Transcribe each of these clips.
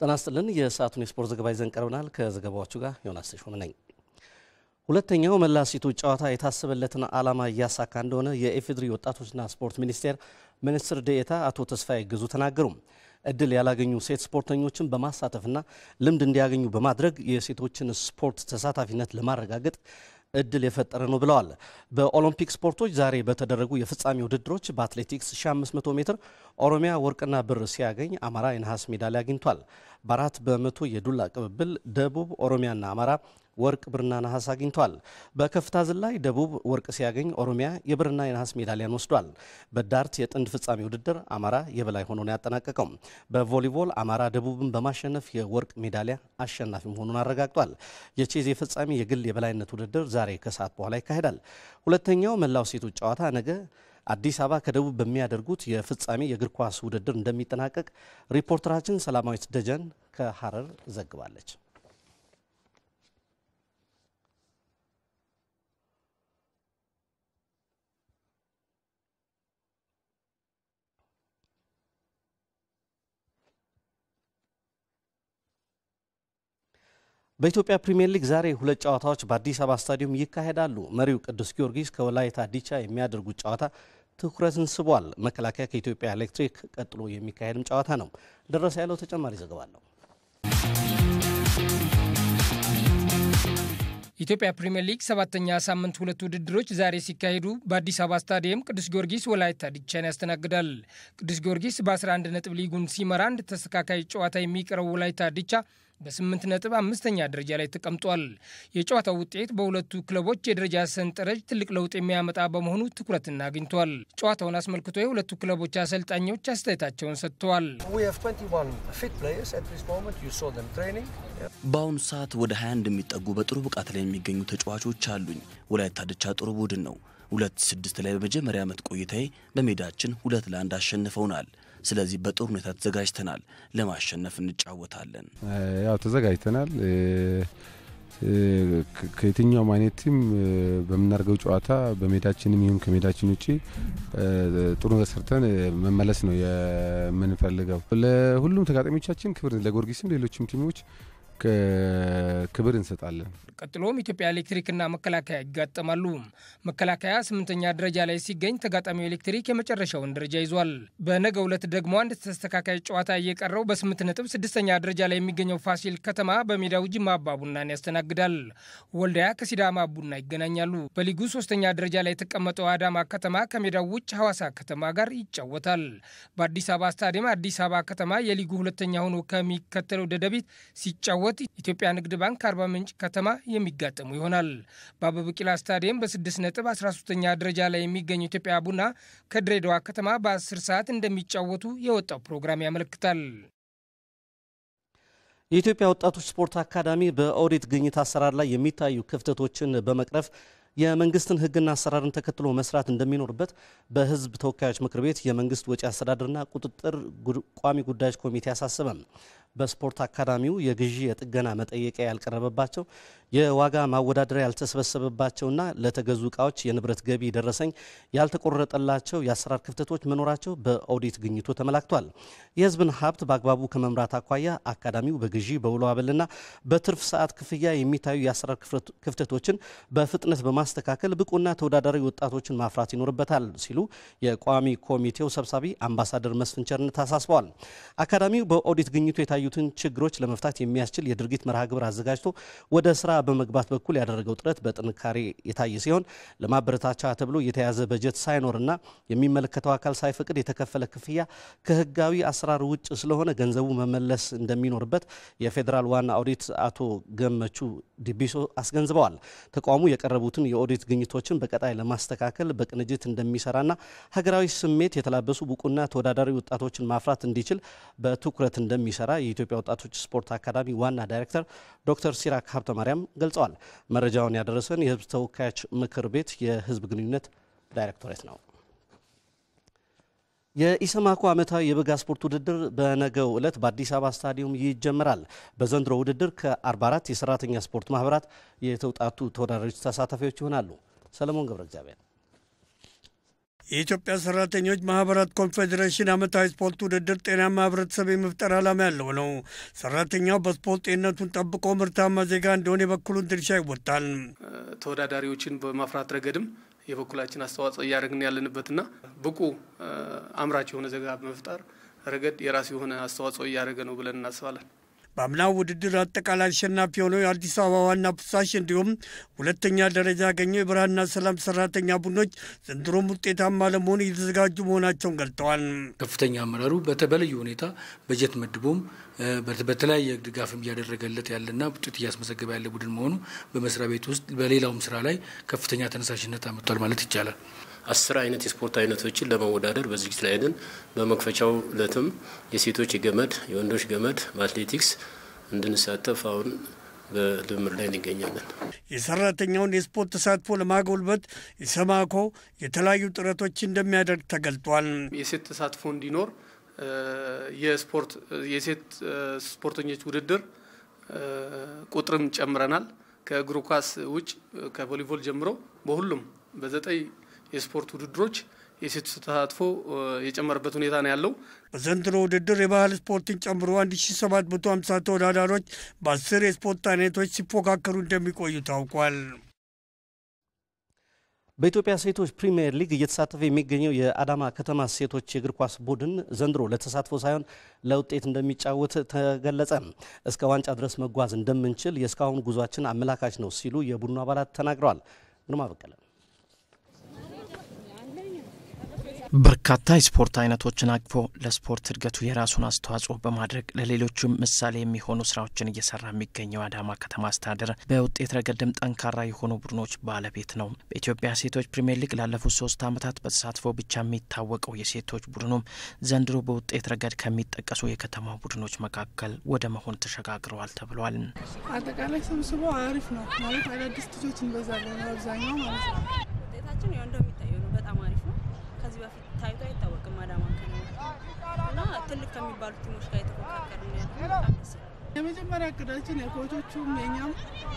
ጤና ይስጥልን። የሰዓቱን የስፖርት ዘገባ ይዘን ቀርበናል። ከዘገባዎቹ ጋር ዮናስ ተሾመ ነኝ። ሁለተኛው መላ ሴቶች ጨዋታ የታሰበለትን ዓላማ እያሳካ እንደሆነ የኢፌዴሪ ወጣቶችና ስፖርት ሚኒስቴር ሚኒስትር ዴኤታ አቶ ተስፋዬ ግዙ ተናገሩ። እድል ያላገኙ ሴት ስፖርተኞችን በማሳተፍና ልምድ እንዲያገኙ በማድረግ የሴቶችን ስፖርት ተሳታፊነት ለማረጋገጥ እድል የፈጠረ ነው ብለዋል። በኦሎምፒክ ስፖርቶች ዛሬ በተደረጉ የፍጻሜ ውድድሮች በአትሌቲክስ 1500 ሜትር ኦሮሚያ ወርቅና ብር ሲያገኝ አማራ የነሐስ ሜዳሊያ አግኝቷል። በአራት በመቶ የዱላ ቅብብል ደቡብ ኦሮሚያና አማራ ወርቅ፣ ብርና ነሐስ አግኝቷል። በከፍታ ዝላይ ደቡብ ወርቅ ሲያገኝ፣ ኦሮሚያ የብርና የነሐስ ሜዳሊያን ወስዷል። በዳርት የጥንድ ፍጻሜ ውድድር አማራ የበላይ ሆኖ ነው ያጠናቀቀው። በቮሊቦል አማራ ደቡብን በማሸነፍ የወርቅ ሜዳሊያ አሸናፊ መሆኑን አረጋግጧል። የቼዝ የፍጻሜ የግል የበላይነት ውድድር ዛሬ ከሰዓት በኋላ ይካሄዳል። ሁለተኛው መላው ሴቶች ጨዋታ ነገ አዲስ አበባ ከደቡብ በሚያደርጉት የፍጻሜ የእግር ኳስ ውድድር እንደሚጠናቀቅ ሪፖርተራችን ሰላማዊት ደጀን ከሐረር ዘግባለች። በኢትዮጵያ ፕሪምየር ሊግ ዛሬ ሁለት ጨዋታዎች በአዲስ አበባ ስታዲየም ይካሄዳሉ። መሪው ቅዱስ ጊዮርጊስ ከወላይታ ዲቻ የሚያደርጉት ጨዋታ ትኩረትን ስቧል። መከላከያ ከኢትዮጵያ ኤሌክትሪክ ቀጥሎ የሚካሄድም ጨዋታ ነው። ደረሰ ያለው ተጨማሪ ዘገባ አለው። ኢትዮጵያ ፕሪምየር ሊግ ሰባተኛ ሳምንት ሁለት ውድድሮች ዛሬ ሲካሄዱ በአዲስ አበባ ስታዲየም ቅዱስ ጊዮርጊስ ወላይታ ዲቻን ያስተናግዳል። ቅዱስ ጊዮርጊስ በ11 ነጥብ ሊጉን ሲመራ አንድ ተስተካካይ ጨዋታ የሚቀረው ወላይታ ዲቻ በስምንት ነጥብ አምስተኛ ደረጃ ላይ ተቀምጧል። የጨዋታው ውጤት በሁለቱ ክለቦች የደረጃ ሰንጠረዥ ትልቅ ለውጥ የሚያመጣ በመሆኑ ትኩረትን አግኝቷል። ጨዋታውን አስመልክቶ የሁለቱ ክለቦች አሰልጣኞች አስተያየታቸውን ሰጥተዋል። በአሁኑ ሰዓት ወደ 21 የሚጠጉ በጥሩ ብቃት ላይ የሚገኙ ተጫዋቾች አሉኝ። ወላይታ ድቻ ጥሩ ቡድን ነው። ሁለት ስድስት ላይ በመጀመሪያ ዓመት ቆይታዬ በሜዳችን ሁለት ለአንድ አሸንፈውናል። ስለዚህ በጥሩ ሁኔታ ተዘጋጅተናል፣ ለማሸነፍ እንጫወታለን። ያው ተዘጋጅተናል። ከየትኛውም አይነት ቲም በምናደርገው ጨዋታ በሜዳችንም ይሁን ከሜዳችን ውጭ ጥሩ ተሰርተን መመለስ ነው የምንፈልገው። ለሁሉም ተጋጣሚዎቻችን ክብር፣ ለጊዮርጊስም ሌሎችም ቲሞች ክብር እንሰጣለን። ቀጥሎም ኢትዮጵያ ኤሌክትሪክና መከላከያ ይጋጠማሉ። መከላከያ ስምንተኛ ደረጃ ላይ ሲገኝ ተጋጣሚው ኤሌክትሪክ የመጨረሻውን ደረጃ ይዟል። በነገ ዕለት ደግሞ አንድ ተስተካካይ ጨዋታ እየቀረው በስምንት ነጥብ ስድስተኛ ደረጃ ላይ የሚገኘው ፋሲል ከተማ በሜዳው ጅማ አባ ቡናን ያስተናግዳል። ወልዳያ ከሲዳማ ቡና ይገናኛሉ። በሊጉ ሶስተኛ ደረጃ ላይ የተቀመጠው አዳማ ከተማ ከሜዳው ውጭ ሐዋሳ ከተማ ጋር ይጫወታል። በአዲስ አበባ ስታዲየም አዲስ አበባ ከተማ የሊጉ ሁለተኛ ሆኖ ከሚከተለው ደደቢት ሲጫወት ወት ኢትዮጵያ ንግድ ባንክ ከአርባ ምንጭ ከተማ የሚጋጠሙ ይሆናል። በአበበ ቢቂላ ስታዲየም በስድስት ነጥብ አስራ ሶስተኛ ደረጃ ላይ የሚገኙ ኢትዮጵያ ቡና ከድሬዳዋ ከተማ በአስር ሰዓት እንደሚጫወቱ የወጣው ፕሮግራም ያመለክታል። የኢትዮጵያ ወጣቶች ስፖርት አካዳሚ በኦዲት ግኝት አሰራር ላይ የሚታዩ ክፍተቶችን በመቅረፍ የመንግስትን ሕግና አሰራርን ተከትሎ መስራት እንደሚኖርበት በሕዝብ ተወካዮች ምክር ቤት የመንግስት ወጪ አስተዳደርና ቁጥጥር ቋሚ ጉዳዮች ኮሚቴ አሳሰበም። በስፖርት አካዳሚው የግዢ የጥገና መጠየቂያ ያልቀረበባቸው የዋጋ ማወዳደሪያ ያልተሰበሰበባቸውና ለተገዙ እቃዎች የንብረት ገቢ ደረሰኝ ያልተቆረጠላቸው የአሰራር ክፍተቶች መኖራቸው በኦዲት ግኝቱ ተመላክቷል። የህዝብን ሀብት በአግባቡ ከመምራት አኳያ አካዳሚው በግዢ በውሎ አበልና በትርፍ ሰዓት ክፍያ የሚታዩ የአሰራር ክፍተቶችን በፍጥነት በማስተካከል ብቁና ተወዳዳሪ ወጣቶችን ማፍራት ይኖርበታል ሲሉ የቋሚ ኮሚቴው ሰብሳቢ አምባሳደር መስፍን ቸርነት አሳስበዋል። አካዳሚው በኦዲት ግኝቱ የታዩትን ችግሮች ለመፍታት የሚያስችል የድርጊት መርሃ ግብር አዘጋጅቶ ወደ ስራ በመግባት በኩል ያደረገው ጥረት በጥንካሬ የታየ ሲሆን ለማበረታቻ ተብሎ የተያዘ በጀት ሳይኖርና የሚመለከተው አካል ሳይፈቅድ የተከፈለ ክፍያ ከህጋዊ አሰራር ውጭ ስለሆነ ገንዘቡ መመለስ እንደሚኖርበት የፌዴራል ዋና ኦዲት አቶ ገመቹ ዲቢሶ አስገንዝበዋል። ተቋሙ የቀረቡትን የኦዲት ግኝቶችን በቀጣይ ለማስተካከል በቅንጅት እንደሚሰራና ሀገራዊ ስሜት የተላበሱ ብቁና ተወዳዳሪ ወጣቶችን ማፍራት እንዲችል በትኩረት እንደሚሰራ የኢትዮጵያ ወጣቶች ስፖርት አካዳሚ ዋና ዳይሬክተር ዶክተር ሲራክ ሀብተ ማርያም ገልጸዋል። መረጃውን ያደረሰን የህዝብ ተወካዮች ምክር ቤት የህዝብ ግንኙነት ዳይሬክቶሬት ነው። የኢሰማኮ ዓመታዊ የበጋ ስፖርት ውድድር በነገው ዕለት በአዲስ አበባ ስታዲየም ይጀምራል። በዘንድሮ ውድድር ከ44 የሰራተኛ ስፖርት ማህበራት የተውጣጡ ተወዳዳሪዎች ተሳታፊዎች ይሆናሉ። ሰለሞን ገብረ እግዚአብሔር የኢትዮጵያ ሰራተኞች ማህበራት ኮንፌዴሬሽን ዓመታዊ ስፖርት ውድድር ጤናማ ህብረተሰብ የመፍጠር ዓላማ ያለው ነው። ሰራተኛው በስፖርት ጤንነቱን ጠብቆ ምርታማ ዜጋ እንደሆነ የበኩሉን ድርሻ ይወጣል። ተወዳዳሪዎችን በማፍራት ረገድም የበኩላችን አስተዋጽኦ እያደረግን ያለንበትና ብቁ አምራች የሆነ ዜጋ በመፍጠር ረገድ የራሱ የሆነ አስተዋጽኦ እያደረገ ነው ብለን እናስባለን። በአምናው ውድድር አጠቃላይ አሸናፊ የሆነው የአዲስ አበባ ዋና ፍሳሽ እንዲሁም ሁለተኛ ደረጃ ያገኘው የብርሃንና ሰላም ሰራተኛ ቡድኖች ዘንድሮም ውጤታማ ለመሆን እየተዘጋጁ መሆናቸውን ገልጠዋል። ከፍተኛ አመራሩ በተለዩ ሁኔታ በጀት መድቦም በተለያየ ድጋፍም እያደረገለት ያለና ውጤት እያስመዘገበ ያለ ቡድን መሆኑ በመስሪያ ቤት ውስጥ በሌላውም ስራ ላይ ከፍተኛ ተነሳሽነት አመጥቷል ማለት ይቻላል። አስር አይነት የስፖርት አይነቶችን ለመወዳደር በዝግጅት ላይ ነን። በመክፈቻው ዕለትም የሴቶች ገመድ፣ የወንዶች ገመድ በአትሌቲክስ እንድንሳተፍ አሁን በልምድ ላይ እንገኛለን። የሰራተኛውን የስፖርት ተሳትፎ ለማጎልበት ኢሰማኮ የተለያዩ ጥረቶች እንደሚያደርግ ተገልጧል። የሴት ተሳትፎ እንዲኖር የስፖርት የሴት ስፖርተኞች ውድድር ቁጥርም ጨምረናል። ከእግር ኳስ ውጭ ከቮሊቦል ጀምሮ በሁሉም በዘጠኝ የስፖርት ውድድሮች የሴቱ ተሳትፎ የጨመረበት ሁኔታ ነው ያለው። በዘንድሮ ውድድር የባህል ስፖርትን ጨምሮ 1750 ተወዳዳሪዎች በአስር የስፖርት አይነቶች ሲፎካከሩ እንደሚቆዩ ታውቋል። በኢትዮጵያ ሴቶች ፕሪምየር ሊግ እየተሳተፈ የሚገኘው የአዳማ ከተማ ሴቶች የእግር ኳስ ቡድን ዘንድሮ ለተሳትፎ ሳይሆን ለውጤት እንደሚጫወት ተገለጸ። እስከ ዋንጫ ድረስ መጓዝ እንደምንችል የእስካሁን ጉዟችን አመላካች ነው ሲሉ የቡድኑ አባላት ተናግረዋል። ግርማ በቀለ በርካታ የስፖርት አይነቶችን አቅፎ ለስፖርት እድገቱ የራሱን አስተዋጽኦ በማድረግ ለሌሎቹም ምሳሌ የሚሆኑ ስራዎችን እየሰራ የሚገኘው አዳማ ከተማ አስተዳደር በውጤት ረገድም ጠንካራ የሆኑ ቡድኖች ባለቤት ነው። በኢትዮጵያ ሴቶች ፕሪምየር ሊግ ላለፉት ሶስት ዓመታት በተሳትፎ ብቻ የሚታወቀው የሴቶች ቡድኑም ዘንድሮ በውጤት ረገድ ከሚጠቀሱ የከተማ ቡድኖች መካከል ወደ መሆን ተሸጋግረዋል ተብሏል። አጠቃላይ ሰብስቦ አሪፍ ነው ማለት አዳዲስ ልጆች እንበዛለን አብዛኛው ማለት ነው ትልቅ ከሚባሉ ቲሞች ጋር የተፎካከርን ያለ የመጀመሪያ እቅዳችን የኮቾቹም የኛም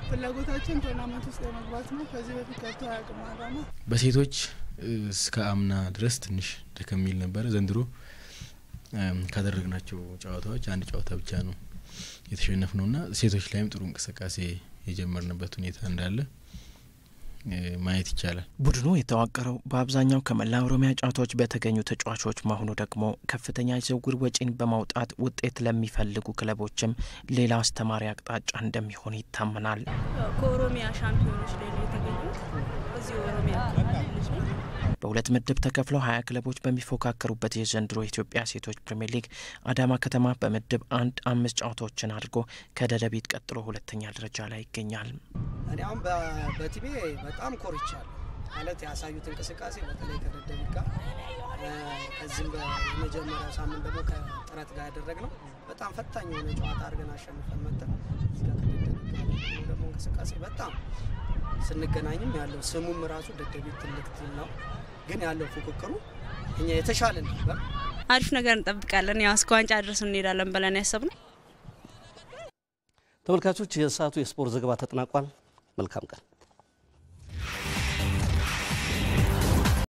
ፍላጎታችን ቶርናመንት ውስጥ የመግባት ነው። ከዚህ በፊት አያውቅም አዳማ። በሴቶች እስከ አምና ድረስ ትንሽ ደከም የሚል ነበረ። ዘንድሮ ካደረግናቸው ጨዋታዎች አንድ ጨዋታ ብቻ ነው የተሸነፍ ነው እና ሴቶች ላይም ጥሩ እንቅስቃሴ የጀመርንበት ሁኔታ እንዳለ ማየት ይቻላል። ቡድኑ የተዋቀረው በአብዛኛው ከመላ ኦሮሚያ ጨዋታዎች በተገኙ ተጫዋቾች መሆኑ ደግሞ ከፍተኛ የዝውውር ወጪን በማውጣት ውጤት ለሚፈልጉ ክለቦችም ሌላ አስተማሪ አቅጣጫ እንደሚሆን ይታመናል። ከኦሮሚያ ሻምፒዮኖች ላይ የተገኙት። እዚህ ኦሮሚያ በሁለት ምድብ ተከፍለው ሀያ ክለቦች በሚፎካከሩበት የዘንድሮ የኢትዮጵያ ሴቶች ፕሪምየር ሊግ አዳማ ከተማ በምድብ አንድ አምስት ጨዋታዎችን አድርጎ ከደደቢት ቀጥሎ ሁለተኛ ደረጃ ላይ ይገኛል። እኔ አሁን በቲሜ በጣም ኮርቻለሁ ማለት ያሳዩት እንቅስቃሴ በተለይ ከደደቢት ጋር ከዚህም በመጀመሪያው ሳምንት ደግሞ ከጥረት ጋር ያደረግነው በጣም ፈታኝ የሆነ ጨዋታ አድርገን አሸንፈን መጠን ደግሞ እንቅስቃሴ በጣም ስንገናኝም ያለው ስሙም ራሱ ደደቢት ትልቅ ቲም ነው፣ ግን ያለው ፉክክሩ እኛ የተሻለ ነበር። አሪፍ ነገር እንጠብቃለን። ያው እስከ ዋንጫ ድረስ እንሄዳለን ብለን ያሰብነው። ተመልካቾች፣ የሰዓቱ የስፖርት ዘገባ ተጠናቋል። መልካም ቀን